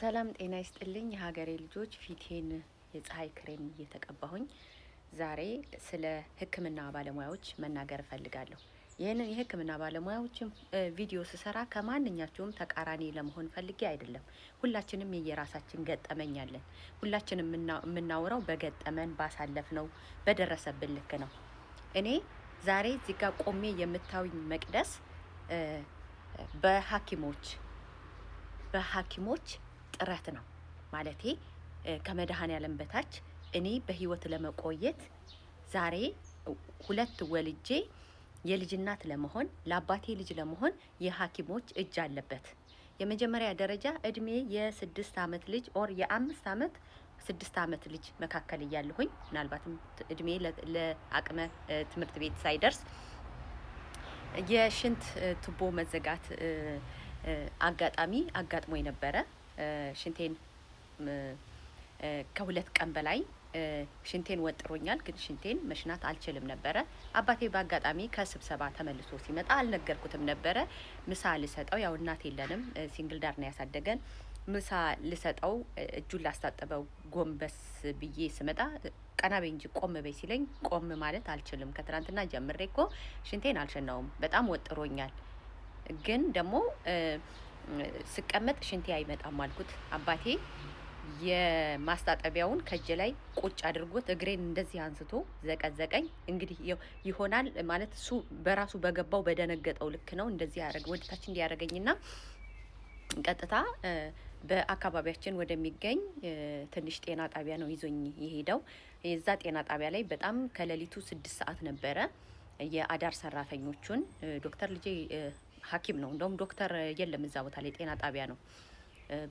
ሰላም ጤና ይስጥልኝ የሀገሬ ልጆች፣ ፊቴን የፀሐይ ክሬም እየተቀባሁኝ ዛሬ ስለ ሕክምና ባለሙያዎች መናገር እፈልጋለሁ። ይህንን የሕክምና ባለሙያዎችን ቪዲዮ ስሰራ ከማንኛቸውም ተቃራኒ ለመሆን ፈልጌ አይደለም። ሁላችንም የየራሳችን ገጠመኝ አለን። ሁላችንም የምናውረው በገጠመን ባሳለፍ ነው፣ በደረሰብን ልክ ነው። እኔ ዛሬ እዚህ ጋር ቆሜ የምታዩኝ መቅደስ በሐኪሞች በሐኪሞች ጥረት ነው ማለቴ ከመድኃኔዓለም በታች እኔ በህይወት ለመቆየት ዛሬ ሁለት ወልጄ የልጅ እናት ለመሆን ለአባቴ ልጅ ለመሆን የሐኪሞች እጅ አለበት። የመጀመሪያ ደረጃ እድሜ የስድስት አመት ልጅ ኦር የአምስት አመት ስድስት አመት ልጅ መካከል እያለሁኝ ምናልባትም እድሜ ለአቅመ ትምህርት ቤት ሳይደርስ የሽንት ቱቦ መዘጋት አጋጣሚ አጋጥሞ ነበረ። ሽንቴን ከሁለት ቀን በላይ ሽንቴን ወጥሮኛል፣ ግን ሽንቴን መሽናት አልችልም ነበረ። አባቴ በአጋጣሚ ከስብሰባ ተመልሶ ሲመጣ አልነገርኩትም ነበረ። ምሳ ልሰጠው፣ ያው እናት የለንም፣ ሲንግል ዳር ነው ያሳደገን። ምሳ ልሰጠው እጁን ላስታጠበው ጎንበስ ብዬ ስመጣ ቀና በይ እንጂ ቆም በይ ሲለኝ ቆም ማለት አልችልም። ከትናንትና ጀምሬ እኮ ሽንቴን አልሸናውም፣ በጣም ወጥሮኛል። ግን ደግሞ ስቀመጥ ሽንቴ አይመጣም አልኩት። አባቴ የማስታጠቢያውን ከእጅ ላይ ቁጭ አድርጎት እግሬን እንደዚህ አንስቶ ዘቀዘቀኝ። እንግዲህ ይሆናል ማለት እሱ በራሱ በገባው በደነገጠው ልክ ነው እንደዚህ ያደረገ ወደታች እንዲያደረገኝና ቀጥታ በአካባቢያችን ወደሚገኝ ትንሽ ጤና ጣቢያ ነው ይዞኝ የሄደው። የዛ ጤና ጣቢያ ላይ በጣም ከሌሊቱ ስድስት ሰዓት ነበረ የአዳር ሰራተኞቹን ዶክተር ልጄ ሐኪም ነው። እንደውም ዶክተር የለም እዛ ቦታ ላይ ጤና ጣቢያ ነው።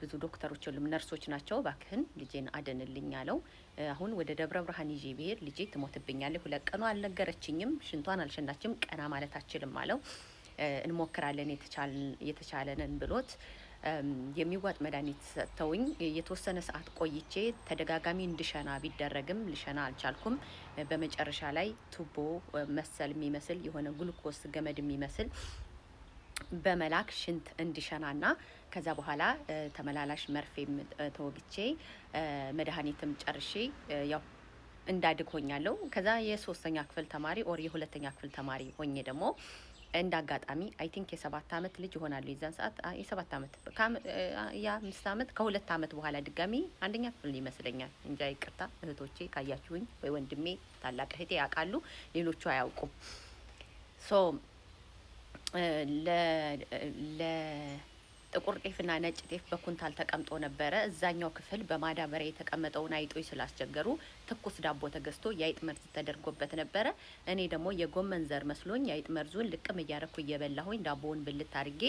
ብዙ ዶክተሮች የሉም፣ ነርሶች ናቸው። ባክህን ልጄን አድንልኝ አለው። አሁን ወደ ደብረ ብርሃን ይዤ ብሄድ ልጄ ትሞትብኛለች። ሁለት ቀኗ አልነገረችኝም፣ ሽንቷን አልሸናችም፣ ቀና ማለት አችልም አለው። እንሞክራለን የተቻለንን ብሎት የሚዋጥ መድኃኒት ሰጥተውኝ የተወሰነ ሰዓት ቆይቼ ተደጋጋሚ እንድሸና ቢደረግም ልሸና አልቻልኩም። በመጨረሻ ላይ ቱቦ መሰል የሚመስል የሆነ ግሉኮስ ገመድ የሚመስል በመላክ ሽንት እንዲሸናና ከዛ በኋላ ተመላላሽ መርፌም ተወግቼ መድኃኒትም ጨርሼ ያው እንዳድግ ሆኛለሁ። ከዛ የሶስተኛ ክፍል ተማሪ ኦር የሁለተኛ ክፍል ተማሪ ሆኜ ደግሞ እንደ አጋጣሚ አይ ቲንክ የሰባት አመት ልጅ ይሆናሉ የዛን ሰዓት የሰባት አመት የአምስት አመት ከሁለት አመት በኋላ ድጋሚ አንደኛ ክፍል ይመስለኛል። እንጃ ይቅርታ እህቶቼ ካያችሁኝ ወይ ወንድሜ ታላቅ እህቴ ያውቃሉ፣ ሌሎቹ አያውቁም ሶ ለጥቁር ጤፍና ነጭ ጤፍ በኩንታል ተቀምጦ ነበረ። እዛኛው ክፍል በማዳበሪያ የተቀመጠውን አይጦች ስላስቸገሩ ትኩስ ዳቦ ተገዝቶ የአይጥ መርዝ ተደርጎበት ነበረ። እኔ ደግሞ የጎመን ዘር መስሎኝ የአይጥ መርዙን ልቅም እያረኩ እየበላሁኝ ዳቦውን ብልት አድርጌ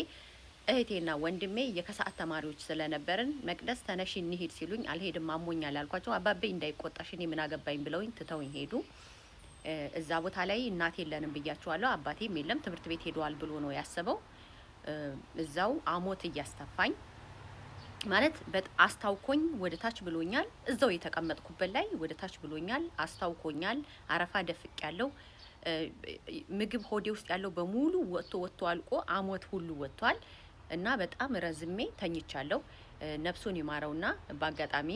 እህቴና ወንድሜ የከሰዓት ተማሪዎች ስለነበርን መቅደስ ተነሽ እንሂድ ሲሉኝ አልሄድም አሞኛል አልኳቸው። አባቤ እንዳይቆጣሽ እኔ ምን አገባኝ ብለውኝ ትተውኝ ሄዱ። እዛ ቦታ ላይ እናት የለንም ብያቸዋለሁ። አባቴም የለም ትምህርት ቤት ሄደዋል ብሎ ነው ያሰበው። እዛው አሞት እያስተፋኝ ማለት አስታውኮኝ ወደ ታች ብሎኛል። እዛው የተቀመጥኩበት ላይ ወደ ታች ብሎኛል፣ አስታውኮኛል። አረፋ ደፍቅ ያለው ምግብ ሆዴ ውስጥ ያለው በሙሉ ወጥቶ ወጥቶ አልቆ አሞት ሁሉ ወጥቷል እና በጣም ረዝሜ ተኝቻለሁ። ነፍሱን ይማረውና በአጋጣሚ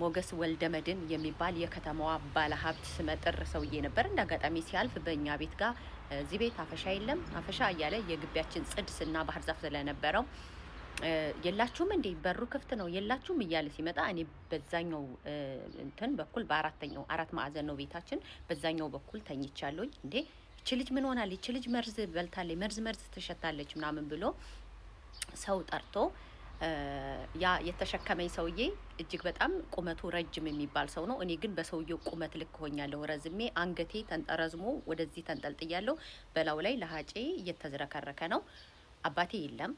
ሞገስ ወልደመድን የሚባል የከተማዋ ባለሀብት ስመጥር ሰውዬ ነበር። እንደ አጋጣሚ ሲያልፍ በእኛ ቤት ጋር እዚህ ቤት አፈሻ የለም አፈሻ እያለ የግቢያችን ጽድስና ባህር ዛፍ ስለነበረው የላችሁም እንዴ በሩ ክፍት ነው የላችሁም እያለ ሲመጣ እኔ በዛኛው እንትን በኩል በአራተኛው አራት ማዕዘን ነው ቤታችን። በዛኛው በኩል ተኝቻለኝ እንዴ ይች ልጅ ምን ሆናለች? ይች ልጅ መርዝ በልታለች፣ መርዝ መርዝ ትሸታለች ምናምን ብሎ ሰው ጠርቶ ያ የተሸከመኝ ሰውዬ እጅግ በጣም ቁመቱ ረጅም የሚባል ሰው ነው። እኔ ግን በሰውየው ቁመት ልክ ሆኛለሁ። ረዝሜ አንገቴ ተንጠረዝሞ ወደዚህ ተንጠልጥያለሁ። በላዩ ላይ ለሀጬ እየተዝረከረከ ነው። አባቴ የለም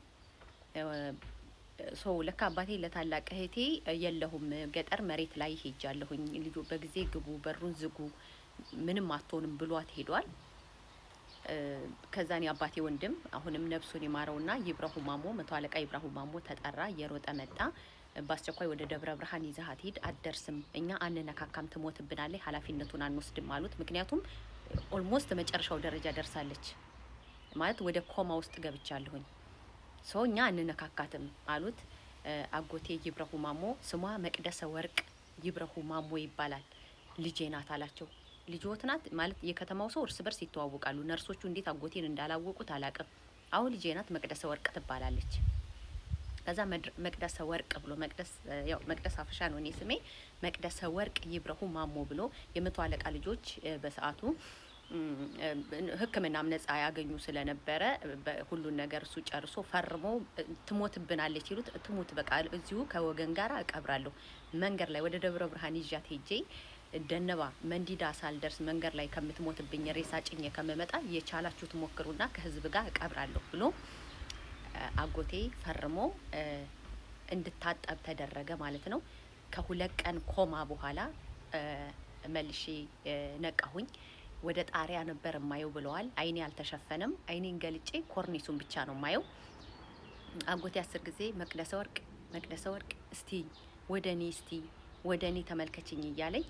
ሰው ለካ አባቴ ለታላቅ እህቴ የለሁም። ገጠር መሬት ላይ ሄጃለሁኝ። ልጆ በጊዜ ግቡ፣ በሩን ዝጉ፣ ምንም አትሆንም ብሏት ሄዷል። ከዛን የአባቴ ወንድም አሁንም ነፍሱን ይማረውና ይብራሁ ማሞ መቶ አለቃ ይብራሁ ማሞ ተጠራ፣ የሮጠ መጣ። በአስቸኳይ ወደ ደብረ ብርሃን ይዛሀት ሂድ፣ አደርስም እኛ አንነካካም፣ ትሞትብናለች፣ ኃላፊነቱን አንወስድም አሉት። ምክንያቱም ኦልሞስት መጨረሻው ደረጃ ደርሳለች ማለት ወደ ኮማ ውስጥ ገብቻለሁኝ፣ ሰው እኛ አንነካካትም አሉት። አጎቴ ይብረሁ ማሞ ስሟ መቅደሰ ወርቅ ይብረሁ ማሞ ይባላል፣ ልጄ ናት አላቸው። ልጆት ናት ማለት የከተማው ሰው እርስ በርስ ይተዋወቃሉ። ነርሶቹ እንዴት አጎቴን እንዳላወቁት አላቅም። አሁን ልጄ ናት መቅደሰ ወርቅ ትባላለች። ከዛ መቅደሰ ወርቅ ብሎ መቅደስ አፈሻ ነው እኔ ስሜ መቅደሰ ወርቅ ይብረሁ ማሞ ብሎ የመቶ አለቃ ልጆች በሰዓቱ ሕክምናም ነጻ ያገኙ ስለነበረ ሁሉን ነገር እሱ ጨርሶ ፈርሞ ትሞትብናለች ይሉት ትሞት በቃ እዚሁ ከወገን ጋር እቀብራለሁ መንገድ ላይ ወደ ደብረ ብርሃን ይዣት ሄጄ ደነባ መንዲዳ ሳልደርስ መንገድ ላይ ከምትሞትብኝ ሬሳ ጭኜ ከምመጣ የቻላችሁት ሞክሩና ከህዝብ ጋር እቀብራለሁ ብሎ አጎቴ ፈርሞ እንድታጠብ ተደረገ ማለት ነው። ከሁለት ቀን ኮማ በኋላ መልሼ ነቃሁኝ። ወደ ጣሪያ ነበር የማየው ብለዋል። አይኔ አልተሸፈነም። አይኔን ገልጬ ኮርኒሱን ብቻ ነው የማየው። አጎቴ አስር ጊዜ መቅደሰ ወርቅ መቅደሰ ወርቅ እስቲ ወደ እኔ እስቲ ወደ እኔ ተመልከችኝ እያለኝ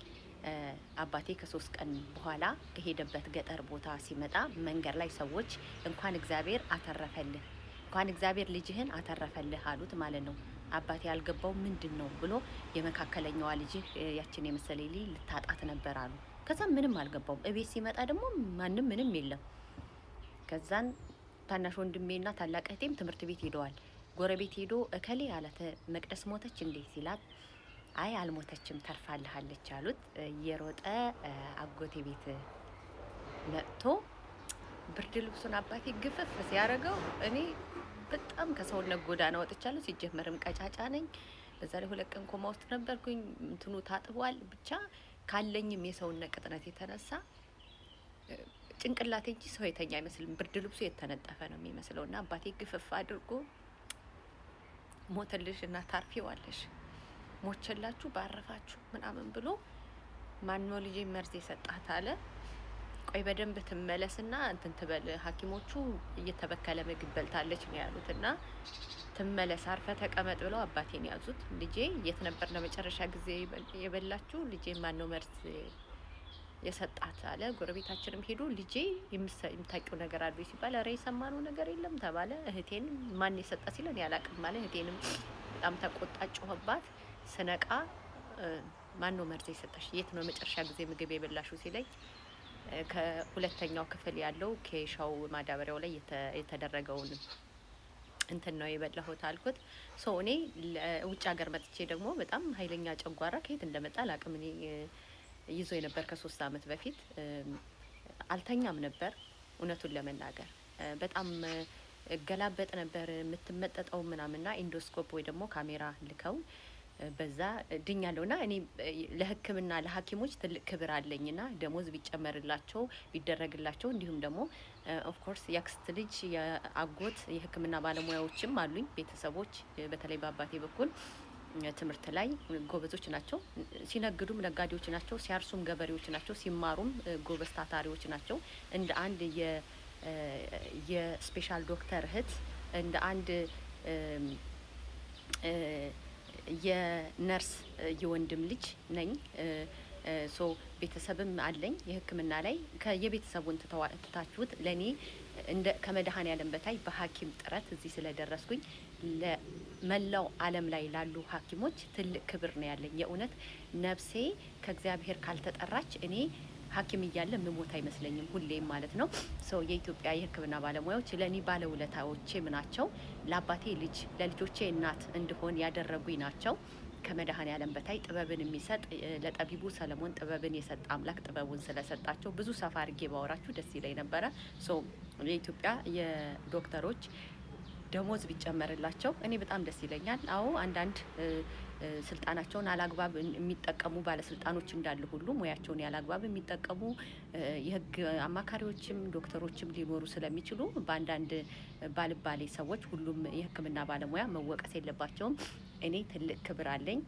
አባቴ ከሶስት ቀን በኋላ ከሄደበት ገጠር ቦታ ሲመጣ መንገድ ላይ ሰዎች እንኳን እግዚአብሔር አተረፈልህ እንኳን እግዚአብሔር ልጅህን አተረፈልህ አሉት ማለት ነው። አባቴ ያልገባው ምንድን ነው ብሎ የመካከለኛዋ ልጅህ ያችን የመሰለ ልጅ ልታጣት ነበር አሉ። ከዛም ምንም አልገባውም። እቤት ሲመጣ ደግሞ ማንም ምንም የለም። ከዛን ታናሽ ወንድሜና ታላቅ እህቴም ትምህርት ቤት ሄደዋል። ጎረቤት ሄዶ እከሌ አላት መቅደስ ሞተች እንዴ ሲላት አይ አልሞተችም ተርፋልሃለች አሉት። እየሮጠ አጎቴ ቤት መጥቶ ብርድ ልብሱን አባቴ ግፍፍ ሲያደርገው እኔ በጣም ከሰውነት ጎዳና ወጥቻለሁ። ሲጀመርም ቀጫጫ ነኝ። በዛ ላይ ሁለት ቀን ኮማ ውስጥ ነበርኩኝ። እንትኑ ታጥቧል። ብቻ ካለኝም የሰውነት ቅጥነት የተነሳ ጭንቅላቴ እንጂ ሰው የተኛ አይመስልም። ብርድ ልብሱ የተነጠፈ ነው የሚመስለው እና አባቴ ግፍፍ አድርጎ ሞተልሽ እና ታርፊዋለሽ ሞቸላችሁ ባረፋችሁ ምናምን ብሎ ማኖ ልጄ መርዝ የሰጣት አለ። ቆይ በደንብ ትመለስና እንትን ትበል ሐኪሞቹ እየተበከለ ምግብ በልታለች ነው ያሉት። እና ትመለስ አርፈ ተቀመጥ ብለው አባቴን ያዙት። ልጄ የት ነበር ለመጨረሻ ጊዜ የበላችሁ? ልጄ ማነው መርዝ የሰጣት አለ። ጎረቤታችንም ሄዱ። ልጄ የምታውቂው ነገር አሉ ሲባል ኧረ የሰማነው ነገር የለም ተባለ። እህቴን ማን የሰጣ ሲለን ያላቅም አለ። እህቴንም በጣም ተቆጣ ጮኸባት። ስነቃ ማን ነው መርዝ የሰጠሽ? የት ነው መጨረሻ ጊዜ ምግብ የበላሹ ሲለኝ ከሁለተኛው ክፍል ያለው ኬሻው ማዳበሪያው ላይ የተደረገውን እንትን ነው የበላሁት አልኩት። ሶ እኔ ውጭ ሀገር መጥቼ ደግሞ በጣም ኃይለኛ ጨጓራ ከየት እንደመጣ አላቅም። እኔ ይዞ የነበር ከሶስት አመት በፊት አልተኛም ነበር እውነቱን ለመናገር በጣም ገላበጥ ነበር የምትመጠጠው ምናምንና ኢንዶስኮፕ ወይ ደግሞ ካሜራ ልከው በዛ ድኛለሁና እኔ ለህክምና ለሀኪሞች ትልቅ ክብር አለኝና ደሞዝ ቢጨመርላቸው ቢደረግላቸው እንዲሁም ደግሞ ኦፍኮርስ የአክስት ልጅ የአጎት የህክምና ባለሙያዎችም አሉኝ ቤተሰቦች በተለይ በአባቴ በኩል ትምህርት ላይ ጎበዞች ናቸው። ሲነግዱም ነጋዴዎች ናቸው። ሲያርሱም ገበሬዎች ናቸው። ሲማሩም ጎበዝ ታታሪዎች ናቸው። እንደ አንድ የስፔሻል ዶክተር እህት እንደ አንድ የነርስ የወንድም ልጅ ነኝ። ሶ ቤተሰብም አለኝ የህክምና ላይ ከየቤተሰቡን ትታችሁት ለእኔ ከመድኃኔዓለም በታይ በሐኪም ጥረት እዚህ ስለደረስኩኝ ለመላው ዓለም ላይ ላሉ ሐኪሞች ትልቅ ክብር ነው ያለኝ። የእውነት ነፍሴ ከእግዚአብሔር ካልተጠራች እኔ ሐኪም እያለ ምሞት አይመስለኝም ሁሌም ማለት ነው። ሰው የኢትዮጵያ የህክምና ባለሙያዎች ለእኔ ባለውለታዎቼም ናቸው። ለአባቴ ልጅ ለልጆቼ እናት እንድሆን ያደረጉኝ ናቸው። ከመድኃኔ ዓለም በታይ ጥበብን የሚሰጥ ለጠቢቡ ሰለሞን ጥበብን የሰጠ አምላክ ጥበቡን ስለሰጣቸው ብዙ ሰፋ አድርጌ ባወራችሁ ደስ ይለኝ ነበረ። ሶ የኢትዮጵያ የዶክተሮች ደሞዝ ቢጨመርላቸው እኔ በጣም ደስ ይለኛል። አዎ አንዳንድ ስልጣናቸውን አላግባብ የሚጠቀሙ ባለስልጣኖች እንዳለ ሁሉ ሙያቸውን ያላግባብ የሚጠቀሙ የህግ አማካሪዎችም ዶክተሮችም ሊኖሩ ስለሚችሉ በአንዳንድ ባልባሌ ሰዎች ሁሉም የህክምና ባለሙያ መወቀስ የለባቸውም። እኔ ትልቅ ክብር አለኝ።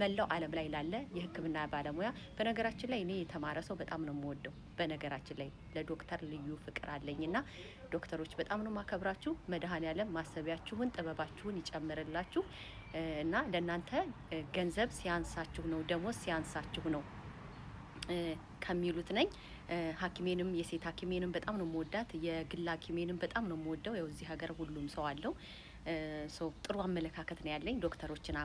መላው ዓለም ላይ ላለ የሕክምና ባለሙያ በነገራችን ላይ እኔ የተማረ ሰው በጣም ነው የምወደው። በነገራችን ላይ ለዶክተር ልዩ ፍቅር አለኝና ዶክተሮች በጣም ነው ማከብራችሁ። መድኃኔዓለም ማሰቢያችሁን ጥበባችሁን ይጨምርላችሁ እና ለእናንተ ገንዘብ ሲያንሳችሁ ነው ደሞዝ ሲያንሳችሁ ነው ከሚሉት ነኝ። ሐኪሜንም የሴት ሐኪሜንም በጣም ነው የምወዳት። የግል ሐኪሜንም በጣም ነው የምወደው። ያው እዚህ ሀገር ሁሉም ሰው አለው። ጥሩ አመለካከት ነው ያለኝ ዶክተሮችን